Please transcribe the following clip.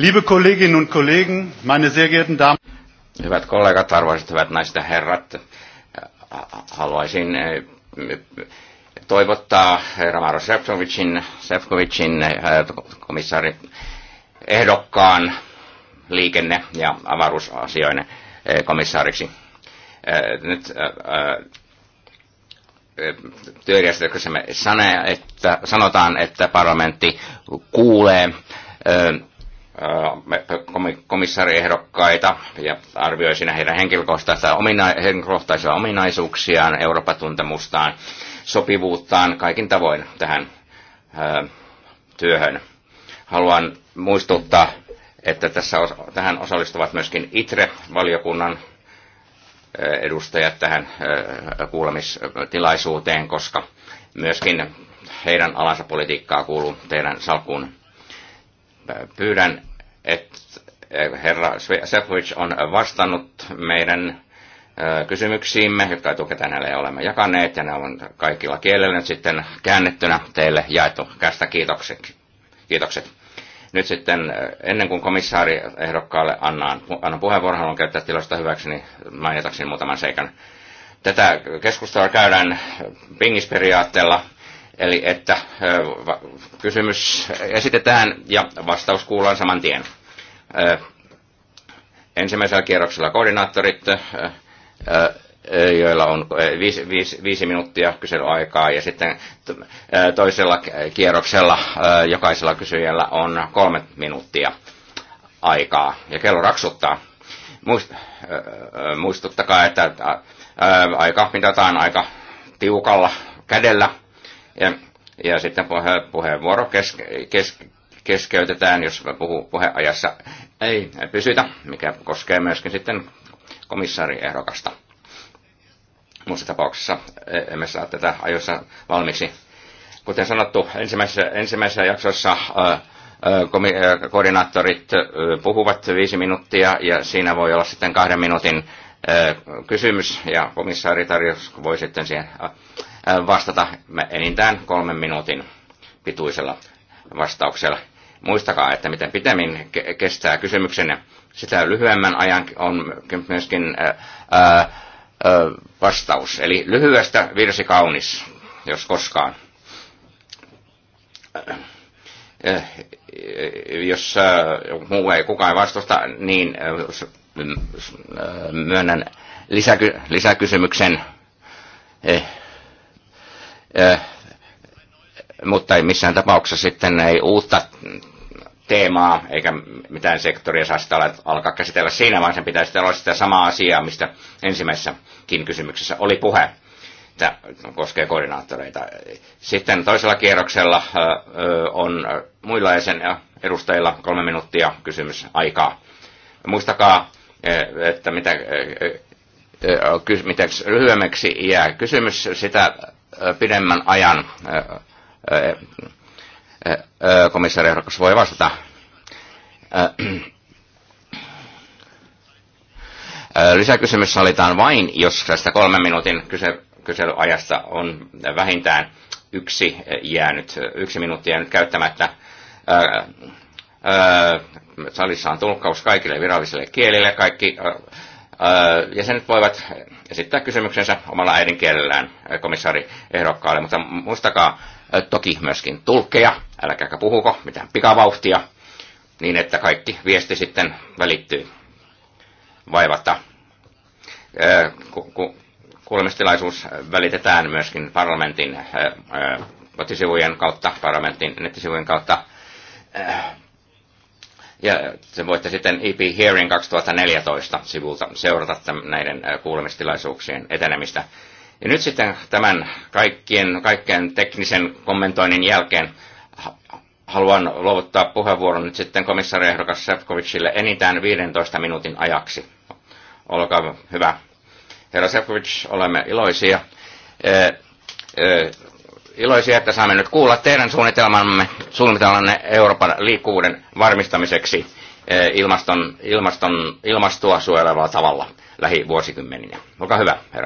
Liebe Kolleginnen und Kollegen, meine sehr geehrten Damen. Hyvät kollegat, arvoisat hyvät naiset ja herrat, haluaisin eh, toivottaa Ramaro Sefcovicin, Sefcovicin eh, komissaari ehdokkaan liikenne- ja avaruusasioiden eh, komissaariksi. Nyt työjärjestelmässä me sanotaan, että parlamentti kuulee komissaariehdokkaita ja arvioi siinä heidän henkilökohtaisia omina, henkilökohtaisilla ominaisuuksiaan, Euroopatuntemustaan, sopivuuttaan kaikin tavoin tähän työhön. Haluan muistuttaa, että tässä, tähän osallistuvat myöskin ITRE-valiokunnan edustajat tähän kuulemistilaisuuteen, koska myöskin heidän alansa politiikkaa kuuluu teidän salkkuun Pyydän, että eh, herra Sefovic on vastannut meidän eh, kysymyksiimme, jotka etukäteen hänelle olemme jakaneet, ja ne on kaikilla kielellä nyt sitten käännettynä teille jaettu. Kästä kiitokset. kiitokset. Nyt sitten, eh, ennen kuin komissaari ehdokkaalle annan, annan puheenvuoron, haluan käyttää tilasta hyväkseni mainitakseni muutaman seikan. Tätä keskustelua käydään pingisperiaatteella, Eli että kysymys esitetään ja vastaus kuullaan saman tien. Ensimmäisellä kierroksella koordinaattorit, joilla on viisi, viisi, viisi minuuttia kyselyaikaa, ja sitten toisella kierroksella jokaisella kysyjällä on kolme minuuttia aikaa. Ja kello raksuttaa. Muist, muistuttakaa, että aika mitataan aika tiukalla kädellä ja, ja sitten puheenvuoro kes, kes, keskeytetään, jos puhu, puheajassa ei pysytä, mikä koskee myöskin sitten komissaariehdokasta. Muussa tapauksessa e, emme saa tätä ajoissa valmiiksi. Kuten sanottu, ensimmäisessä, ensimmäisessä jaksossa koordinaattorit puhuvat viisi minuuttia ja siinä voi olla sitten kahden minuutin kysymys ja komissaari tarjous voi sitten siihen vastata enintään kolmen minuutin pituisella vastauksella. Muistakaa, että miten pitemmin kestää kysymyksenne, sitä lyhyemmän ajan on myöskin vastaus. Eli lyhyestä virsi kaunis, jos koskaan. Jos muu ei kukaan vastusta, niin myönnän lisäky- lisäkysymyksen. Eh mutta ei missään tapauksessa sitten ei uutta teemaa eikä mitään sektoria saa sitä alkaa käsitellä siinä, vaan sen pitäisi olla sitä samaa asiaa, mistä ensimmäisessäkin kysymyksessä oli puhe. Tämä koskee koordinaattoreita. Sitten toisella kierroksella on muilla jäsen edustajilla kolme minuuttia kysymys aikaa. Muistakaa, että mitä, mitä lyhyemmäksi jää kysymys, sitä pidemmän ajan komissaari Ehdokas voi vastata. Lisäkysymys salitaan vain, jos tästä kolmen minuutin kyselyajasta on vähintään yksi, jäänyt, yksi minuutti jäänyt käyttämättä. Salissa on tulkkaus kaikille virallisille kielille. Kaikki jäsenet voivat esittää kysymyksensä omalla äidinkielellään komissaari ehdokkaalle, mutta muistakaa toki myöskin tulkkeja, älkääkä puhuko mitään pikavauhtia, niin että kaikki viesti sitten välittyy vaivatta. Kuulemistilaisuus välitetään myöskin parlamentin kotisivujen kautta, parlamentin nettisivujen kautta ja se voitte sitten EP Hearing 2014 sivulta seurata tämän, näiden kuulemistilaisuuksien etenemistä. Ja nyt sitten tämän kaikkien, kaikkien teknisen kommentoinnin jälkeen haluan luovuttaa puheenvuoron nyt sitten komissariehdokas Sefcovicille enintään 15 minuutin ajaksi. Olkaa hyvä. Herra Sefcovic, olemme iloisia iloisia, että saamme nyt kuulla teidän suunnitelmanne, suunnitelmanne Euroopan liikkuvuuden varmistamiseksi eh, ilmaston, ilmaston, ilmastoa suojelevalla tavalla lähivuosikymmeninä. Olkaa hyvä, herra